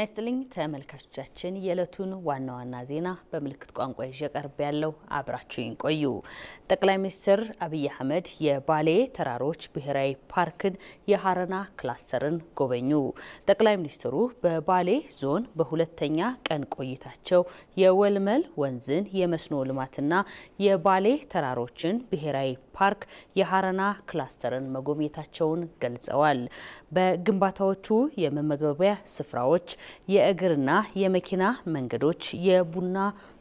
ጤና ይስጥልኝ ተመልካቾቻችን፣ የዕለቱን ዋና ዋና ዜና በምልክት ቋንቋ ይዤ ቀርብ ያለው አብራችሁኝ ቆዩ። ጠቅላይ ሚኒስትር አብይ አህመድ የባሌ ተራሮች ብሔራዊ ፓርክን የሀረና ክላስተርን ጎበኙ። ጠቅላይ ሚኒስትሩ በባሌ ዞን በሁለተኛ ቀን ቆይታቸው የወልመል ወንዝን የመስኖ ልማትና የባሌ ተራሮችን ብሔራዊ ፓርክ የሀረና ክላስተርን መጎብኘታቸውን ገልጸዋል። በግንባታዎቹ የመመገቢያ ስፍራዎች፣ የእግርና የመኪና መንገዶች፣ የቡና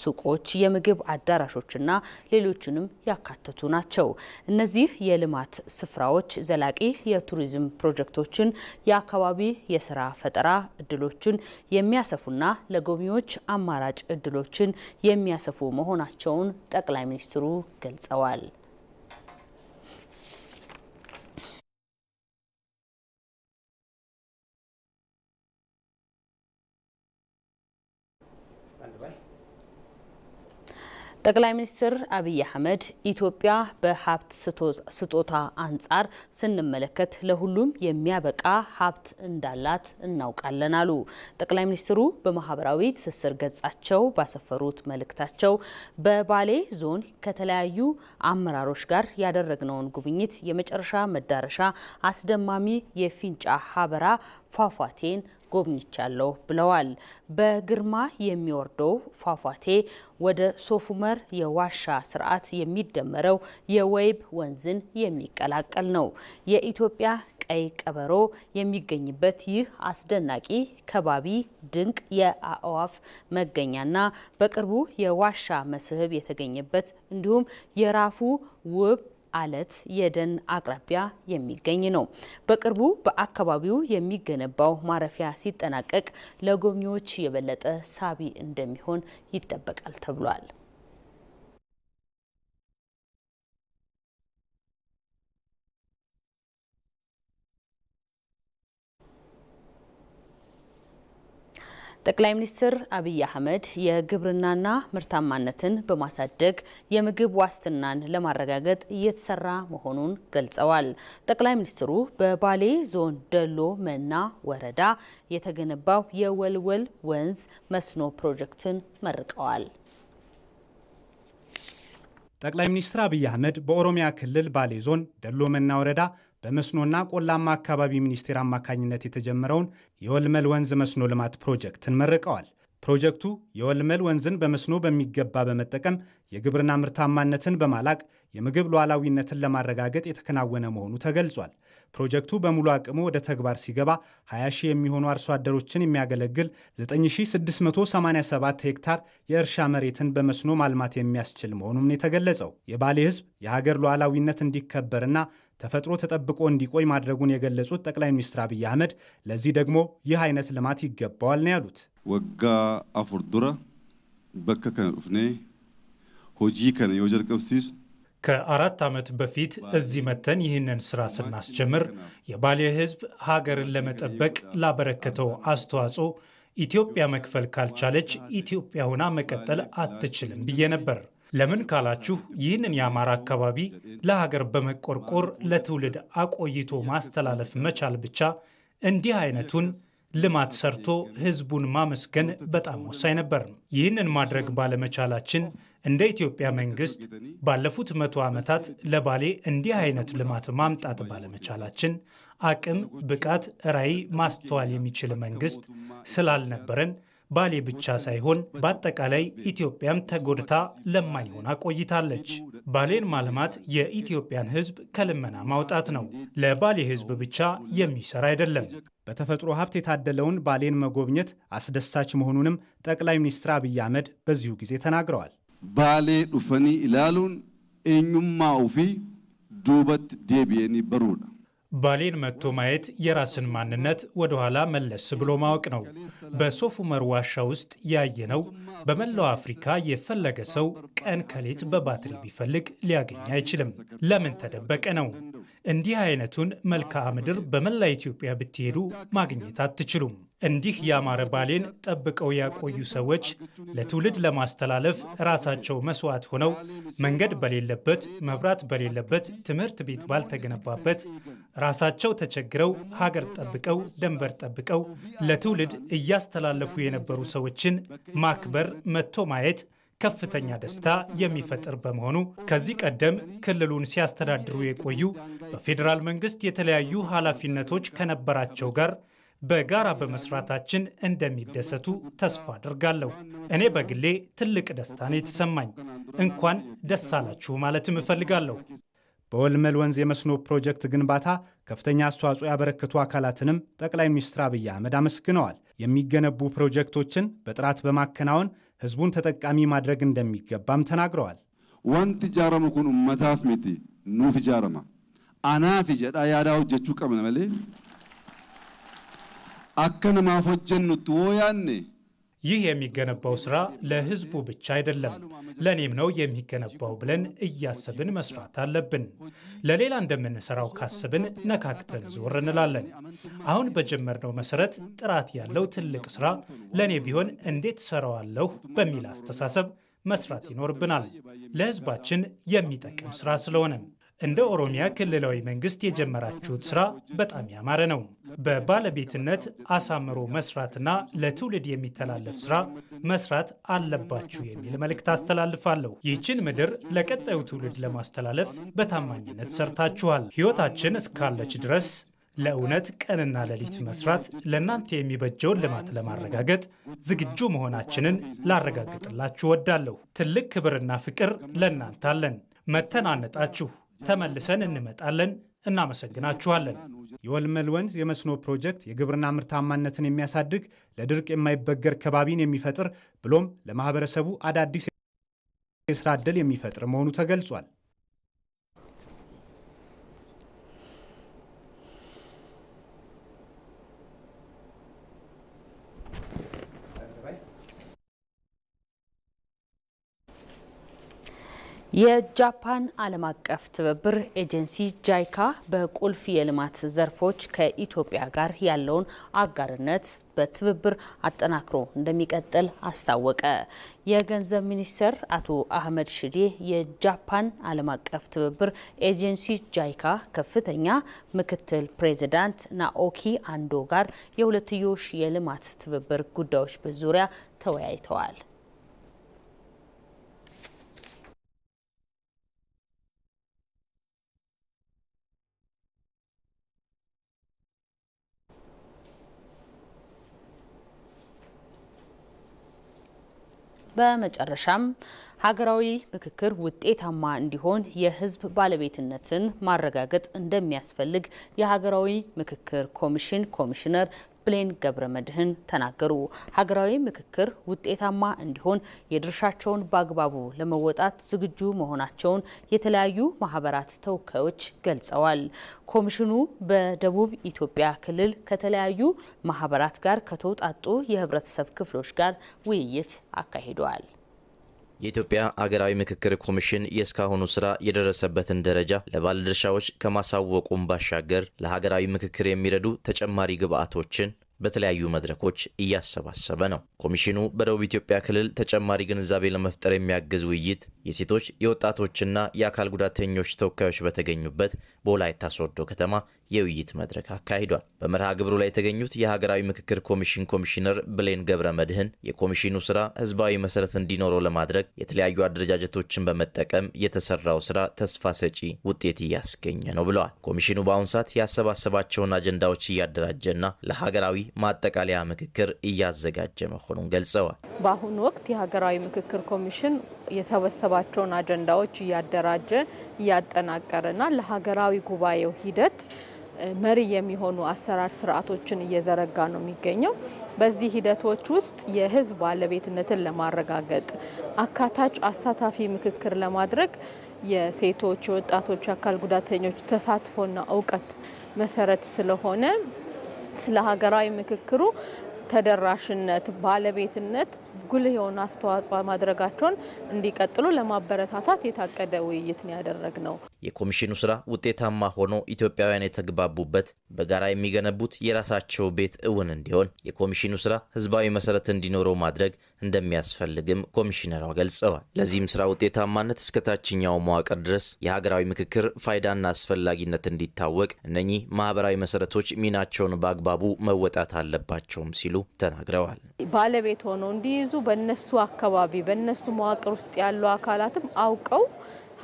ሱቆች፣ የምግብ አዳራሾችና ሌሎችንም ያካተቱ ናቸው። እነዚህ የልማት ስፍራዎች ዘላቂ የቱሪዝም ፕሮጀክቶችን፣ የአካባቢ የስራ ፈጠራ እድሎችን የሚያሰፉና ለጎብኚዎች አማራጭ እድሎችን የሚያሰፉ መሆናቸውን ጠቅላይ ሚኒስትሩ ገልጸዋል። ጠቅላይ ሚኒስትር አብይ አህመድ ኢትዮጵያ በሀብት ስጦታ አንጻር ስንመለከት ለሁሉም የሚያበቃ ሀብት እንዳላት እናውቃለን አሉ። ጠቅላይ ሚኒስትሩ በማህበራዊ ትስስር ገጻቸው ባሰፈሩት መልእክታቸው በባሌ ዞን ከተለያዩ አመራሮች ጋር ያደረግነውን ጉብኝት የመጨረሻ መዳረሻ አስደማሚ የፊንጫ ሀበራ ፏፏቴን ጎብኝቻለሁ ብለዋል። በግርማ የሚወርደው ፏፏቴ ወደ ሶፉመር የዋሻ ስርዓት የሚደመረው የወይብ ወንዝን የሚቀላቀል ነው። የኢትዮጵያ ቀይ ቀበሮ የሚገኝበት ይህ አስደናቂ ከባቢ ድንቅ የአእዋፍ መገኛና በቅርቡ የዋሻ መስህብ የተገኘበት እንዲሁም የራፉ ውብ አለት የደን አቅራቢያ የሚገኝ ነው። በቅርቡ በአካባቢው የሚገነባው ማረፊያ ሲጠናቀቅ ለጎብኚዎች የበለጠ ሳቢ እንደሚሆን ይጠበቃል ተብሏል። ጠቅላይ ሚኒስትር አብይ አህመድ የግብርናና ምርታማነትን በማሳደግ የምግብ ዋስትናን ለማረጋገጥ እየተሰራ መሆኑን ገልጸዋል። ጠቅላይ ሚኒስትሩ በባሌ ዞን ደሎ መና ወረዳ የተገነባው የወልወል ወንዝ መስኖ ፕሮጀክትን መርቀዋል። ጠቅላይ ሚኒስትር አብይ አህመድ በኦሮሚያ ክልል ባሌ ዞን ደሎ መና ወረዳ በመስኖና ቆላማ አካባቢ ሚኒስቴር አማካኝነት የተጀመረውን የወልመል ወንዝ መስኖ ልማት ፕሮጀክትን መርቀዋል። ፕሮጀክቱ የወልመል ወንዝን በመስኖ በሚገባ በመጠቀም የግብርና ምርታማነትን በማላቅ የምግብ ሉዓላዊነትን ለማረጋገጥ የተከናወነ መሆኑ ተገልጿል። ፕሮጀክቱ በሙሉ አቅሙ ወደ ተግባር ሲገባ 20 ሺህ የሚሆኑ አርሶ አደሮችን የሚያገለግል 9687 ሄክታር የእርሻ መሬትን በመስኖ ማልማት የሚያስችል መሆኑም ነው የተገለጸው። የባሌ ሕዝብ የሀገር ሉዓላዊነት እንዲከበርና ተፈጥሮ ተጠብቆ እንዲቆይ ማድረጉን የገለጹት ጠቅላይ ሚኒስትር አብይ አህመድ ለዚህ ደግሞ ይህ አይነት ልማት ይገባዋል ነው ያሉት። ወጋ አፉር ዱረ በከ ከነ ሆጂ ከነ የወጀር ቀብሲስ ከአራት ዓመት በፊት እዚህ መተን ይህንን ስራ ስናስጀምር የባሌ ህዝብ ሀገርን ለመጠበቅ ላበረከተው አስተዋጽኦ ኢትዮጵያ መክፈል ካልቻለች ኢትዮጵያ ሆና መቀጠል አትችልም ብዬ ነበር። ለምን ካላችሁ ይህንን የአማራ አካባቢ ለሀገር በመቆርቆር ለትውልድ አቆይቶ ማስተላለፍ መቻል ብቻ እንዲህ አይነቱን ልማት ሰርቶ ህዝቡን ማመስገን በጣም ወሳኝ ነበር። ይህንን ማድረግ ባለመቻላችን እንደ ኢትዮጵያ መንግስት ባለፉት መቶ ዓመታት ለባሌ እንዲህ አይነት ልማት ማምጣት ባለመቻላችን አቅም፣ ብቃት፣ ራዕይ ማስተዋል የሚችል መንግስት ስላልነበረን ባሌ ብቻ ሳይሆን በአጠቃላይ ኢትዮጵያም ተጎድታ ለማኝ ሆና ቆይታለች። ባሌን ማልማት የኢትዮጵያን ሕዝብ ከልመና ማውጣት ነው። ለባሌ ሕዝብ ብቻ የሚሰራ አይደለም። በተፈጥሮ ሀብት የታደለውን ባሌን መጎብኘት አስደሳች መሆኑንም ጠቅላይ ሚኒስትር አብይ አህመድ በዚሁ ጊዜ ተናግረዋል። ባሌ ዱፈኒ ኢላሉን እኙማ ኡፊ ዱበት ዴቢየኒ በሩዳ ባሌን መጥቶ ማየት የራስን ማንነት ወደኋላ መለስ ብሎ ማወቅ ነው። በሶፍ ዑመር ዋሻ ውስጥ ያየነው በመላው አፍሪካ የፈለገ ሰው ቀን ከሌት በባትሪ ቢፈልግ ሊያገኝ አይችልም። ለምን ተደበቀ ነው። እንዲህ አይነቱን መልክዓ ምድር በመላ ኢትዮጵያ ብትሄዱ ማግኘት አትችሉም። እንዲህ ያማረ ባሌን ጠብቀው ያቆዩ ሰዎች ለትውልድ ለማስተላለፍ ራሳቸው መስዋዕት ሆነው መንገድ በሌለበት፣ መብራት በሌለበት፣ ትምህርት ቤት ባልተገነባበት ራሳቸው ተቸግረው ሀገር ጠብቀው ደንበር ጠብቀው ለትውልድ እያስተላለፉ የነበሩ ሰዎችን ማክበር መጥቶ ማየት ከፍተኛ ደስታ የሚፈጥር በመሆኑ ከዚህ ቀደም ክልሉን ሲያስተዳድሩ የቆዩ በፌዴራል መንግስት የተለያዩ ኃላፊነቶች ከነበራቸው ጋር በጋራ በመስራታችን እንደሚደሰቱ ተስፋ አድርጋለሁ። እኔ በግሌ ትልቅ ደስታን የተሰማኝ እንኳን ደስ አላችሁ ማለትም እፈልጋለሁ። በወልመል ወንዝ የመስኖ ፕሮጀክት ግንባታ ከፍተኛ አስተዋጽኦ ያበረከቱ አካላትንም ጠቅላይ ሚኒስትር አብይ አህመድ አመስግነዋል። የሚገነቡ ፕሮጀክቶችን በጥራት በማከናወን ህዝቡን ተጠቃሚ ማድረግ እንደሚገባም ተናግረዋል። ወንት ጃረሙ ኩን ኡመታፍ ሚቲ ኑፍ ጃረማ አናፊ ጀዳ ያዳ ሆጀቹ ቀብነ መሌ አከ ነማፍ ሆጀኑት ወያኔ ይህ የሚገነባው ስራ ለህዝቡ ብቻ አይደለም፣ ለእኔም ነው የሚገነባው ብለን እያሰብን መስራት አለብን። ለሌላ እንደምንሰራው ካስብን ነካክተን ዞር እንላለን። አሁን በጀመርነው መሰረት ጥራት ያለው ትልቅ ስራ ለእኔ ቢሆን እንዴት ሰራዋለሁ በሚል አስተሳሰብ መስራት ይኖርብናል። ለህዝባችን የሚጠቅም ስራ ስለሆነ እንደ ኦሮሚያ ክልላዊ መንግስት የጀመራችሁት ስራ በጣም ያማረ ነው። በባለቤትነት አሳምሮ መስራትና ለትውልድ የሚተላለፍ ስራ መስራት አለባችሁ የሚል መልእክት አስተላልፋለሁ። ይህችን ምድር ለቀጣዩ ትውልድ ለማስተላለፍ በታማኝነት ሰርታችኋል። ሕይወታችን እስካለች ድረስ ለእውነት ቀንና ሌሊት መስራት ለእናንተ የሚበጀውን ልማት ለማረጋገጥ ዝግጁ መሆናችንን ላረጋግጥላችሁ ወዳለሁ። ትልቅ ክብርና ፍቅር ለእናንተ አለን። መተናነጣችሁ ተመልሰን እንመጣለን። እናመሰግናችኋለን። የወልመል ወንዝ የመስኖ ፕሮጀክት የግብርና ምርታማነትን የሚያሳድግ ለድርቅ የማይበገር ከባቢን የሚፈጥር ብሎም ለማህበረሰቡ አዳዲስ የስራ ዕድል የሚፈጥር መሆኑ ተገልጿል። የጃፓን ዓለም አቀፍ ትብብር ኤጀንሲ ጃይካ በቁልፍ የልማት ዘርፎች ከኢትዮጵያ ጋር ያለውን አጋርነት በትብብር አጠናክሮ እንደሚቀጥል አስታወቀ። የገንዘብ ሚኒስትር አቶ አህመድ ሽዴ የጃፓን ዓለም አቀፍ ትብብር ኤጀንሲ ጃይካ ከፍተኛ ምክትል ፕሬዚዳንት ናኦኪ አንዶ ጋር የሁለትዮሽ የልማት ትብብር ጉዳዮች በዙሪያ ተወያይተዋል። በመጨረሻም ሀገራዊ ምክክር ውጤታማ እንዲሆን የህዝብ ባለቤትነትን ማረጋገጥ እንደሚያስፈልግ የሀገራዊ ምክክር ኮሚሽን ኮሚሽነር ብሌን ገብረ መድህን ተናገሩ። ሀገራዊ ምክክር ውጤታማ እንዲሆን የድርሻቸውን በአግባቡ ለመወጣት ዝግጁ መሆናቸውን የተለያዩ ማህበራት ተወካዮች ገልጸዋል። ኮሚሽኑ በደቡብ ኢትዮጵያ ክልል ከተለያዩ ማህበራት ጋር ከተውጣጡ የህብረተሰብ ክፍሎች ጋር ውይይት አካሂደዋል። የኢትዮጵያ አገራዊ ምክክር ኮሚሽን የእስካሁኑ ስራ የደረሰበትን ደረጃ ለባለድርሻዎች ከማሳወቁም ባሻገር ለሀገራዊ ምክክር የሚረዱ ተጨማሪ ግብዓቶችን በተለያዩ መድረኮች እያሰባሰበ ነው። ኮሚሽኑ በደቡብ ኢትዮጵያ ክልል ተጨማሪ ግንዛቤ ለመፍጠር የሚያግዝ ውይይት የሴቶች የወጣቶችና የአካል ጉዳተኞች ተወካዮች በተገኙበት በወላይታ ሶዶ ከተማ የውይይት መድረክ አካሂዷል። በመርሃ ግብሩ ላይ የተገኙት የሀገራዊ ምክክር ኮሚሽን ኮሚሽነር ብሌን ገብረ መድህን የኮሚሽኑ ስራ ህዝባዊ መሰረት እንዲኖረው ለማድረግ የተለያዩ አደረጃጀቶችን በመጠቀም የተሰራው ስራ ተስፋ ሰጪ ውጤት እያስገኘ ነው ብለዋል። ኮሚሽኑ በአሁኑ ሰዓት ያሰባሰባቸውን አጀንዳዎች እያደራጀና ለሀገራዊ ማጠቃለያ ምክክር እያዘጋጀ መሆኑን ገልጸዋል። በአሁኑ ወቅት የሀገራዊ ምክክር ኮሚሽን የሰበሰባቸውን አጀንዳዎች እያደራጀ እያጠናቀረና ለሀገራዊ ጉባኤው ሂደት መሪ የሚሆኑ አሰራር ስርዓቶችን እየዘረጋ ነው የሚገኘው። በዚህ ሂደቶች ውስጥ የህዝብ ባለቤትነትን ለማረጋገጥ አካታች፣ አሳታፊ ምክክር ለማድረግ የሴቶች፣ የወጣቶች፣ የአካል ጉዳተኞች ተሳትፎና እውቀት መሰረት ስለሆነ ስለ ሀገራዊ ምክክሩ ተደራሽነት፣ ባለቤትነት ጉልህ የሆነ አስተዋጽኦ ማድረጋቸውን እንዲቀጥሉ ለማበረታታት የታቀደ ውይይት ነው ያደረግ ነው። የኮሚሽኑ ስራ ውጤታማ ሆኖ ኢትዮጵያውያን የተግባቡበት በጋራ የሚገነቡት የራሳቸው ቤት እውን እንዲሆን የኮሚሽኑ ስራ ህዝባዊ መሰረት እንዲኖረው ማድረግ እንደሚያስፈልግም ኮሚሽነሯ ገልጸዋል። ለዚህም ስራ ውጤታማነት እስከ ታችኛው መዋቅር ድረስ የሀገራዊ ምክክር ፋይዳና አስፈላጊነት እንዲታወቅ እነኚህ ማህበራዊ መሰረቶች ሚናቸውን በአግባቡ መወጣት አለባቸውም ሲሉ ተናግረዋል። ባለቤት ሆነው እንዲይዙ በነሱ አካባቢ በነሱ መዋቅር ውስጥ ያሉ አካላትም አውቀው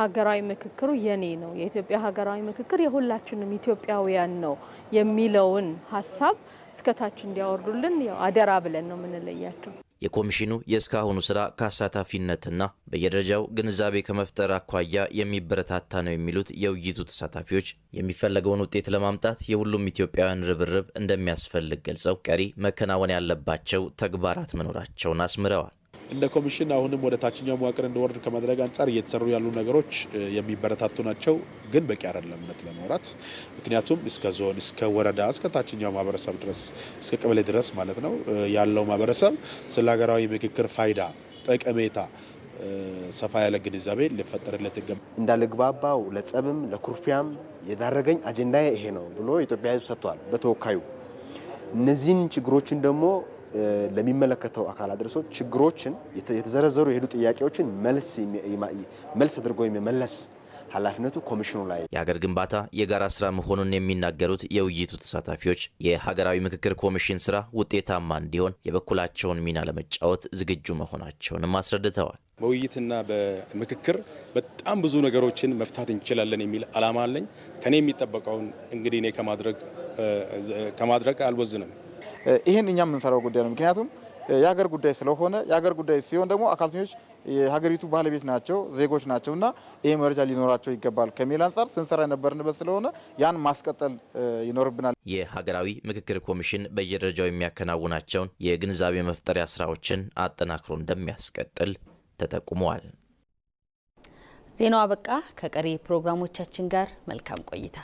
ሀገራዊ ምክክሩ የኔ ነው፣ የኢትዮጵያ ሀገራዊ ምክክር የሁላችንም ኢትዮጵያውያን ነው የሚለውን ሀሳብ እስከታች እንዲያወርዱልን አደራ ብለን ነው የምንለያቸው። የኮሚሽኑ የእስካሁኑ ስራ ከአሳታፊነትና በየደረጃው ግንዛቤ ከመፍጠር አኳያ የሚበረታታ ነው የሚሉት የውይይቱ ተሳታፊዎች የሚፈለገውን ውጤት ለማምጣት የሁሉም ኢትዮጵያውያን ርብርብ እንደሚያስፈልግ ገልጸው ቀሪ መከናወን ያለባቸው ተግባራት መኖራቸውን አስምረዋል። እንደ ኮሚሽን አሁንም ወደ ታችኛው መዋቅር እንዲወርድ ከማድረግ አንጻር እየተሰሩ ያሉ ነገሮች የሚበረታቱ ናቸው፣ ግን በቂ አይደለም እውነት ለማውራት ምክንያቱም እስከ ዞን እስከ ወረዳ እስከ ታችኛው ማህበረሰብ ድረስ እስከ ቀበሌ ድረስ ማለት ነው ያለው ማህበረሰብ ስለ ሀገራዊ ምክክር ፋይዳ፣ ጠቀሜታ ሰፋ ያለ ግንዛቤ ሊፈጠርለት ይገባል። እንዳልግባባው ለጸብም ለኩርፊያም የዳረገኝ አጀንዳ ይሄ ነው ብሎ ኢትዮጵያ ሕዝብ ሰጥቷል በተወካዩ እነዚህን ችግሮችን ደግሞ ለሚመለከተው አካል አድርሶ ችግሮችን የተዘረዘሩ የሄዱ ጥያቄዎችን መልስ አድርጎ የሚመለስ ኃላፊነቱ ኮሚሽኑ ላይ። የሀገር ግንባታ የጋራ ስራ መሆኑን የሚናገሩት የውይይቱ ተሳታፊዎች የሀገራዊ ምክክር ኮሚሽን ስራ ውጤታማ እንዲሆን የበኩላቸውን ሚና ለመጫወት ዝግጁ መሆናቸውንም አስረድተዋል። በውይይትና በምክክር በጣም ብዙ ነገሮችን መፍታት እንችላለን የሚል አላማ አለኝ። ከኔ የሚጠበቀውን እንግዲህ እኔ ከማድረግ ከማድረግ አልወዝንም። ይህን እኛ የምንሰራው ጉዳይ ነው። ምክንያቱም የሀገር ጉዳይ ስለሆነ የሀገር ጉዳይ ሲሆን ደግሞ አካልተኞች የሀገሪቱ ባለቤት ናቸው፣ ዜጎች ናቸው እና ይሄ መረጃ ሊኖራቸው ይገባል ከሚል አንጻር ስንሰራ የነበርንበት ስለሆነ ያን ማስቀጠል ይኖርብናል። የሀገራዊ ምክክር ኮሚሽን በየደረጃው የሚያከናውናቸውን የግንዛቤ መፍጠሪያ ስራዎችን አጠናክሮ እንደሚያስቀጥል ተጠቁመዋል። ዜናው አበቃ። ከቀሪ ፕሮግራሞቻችን ጋር መልካም ቆይታ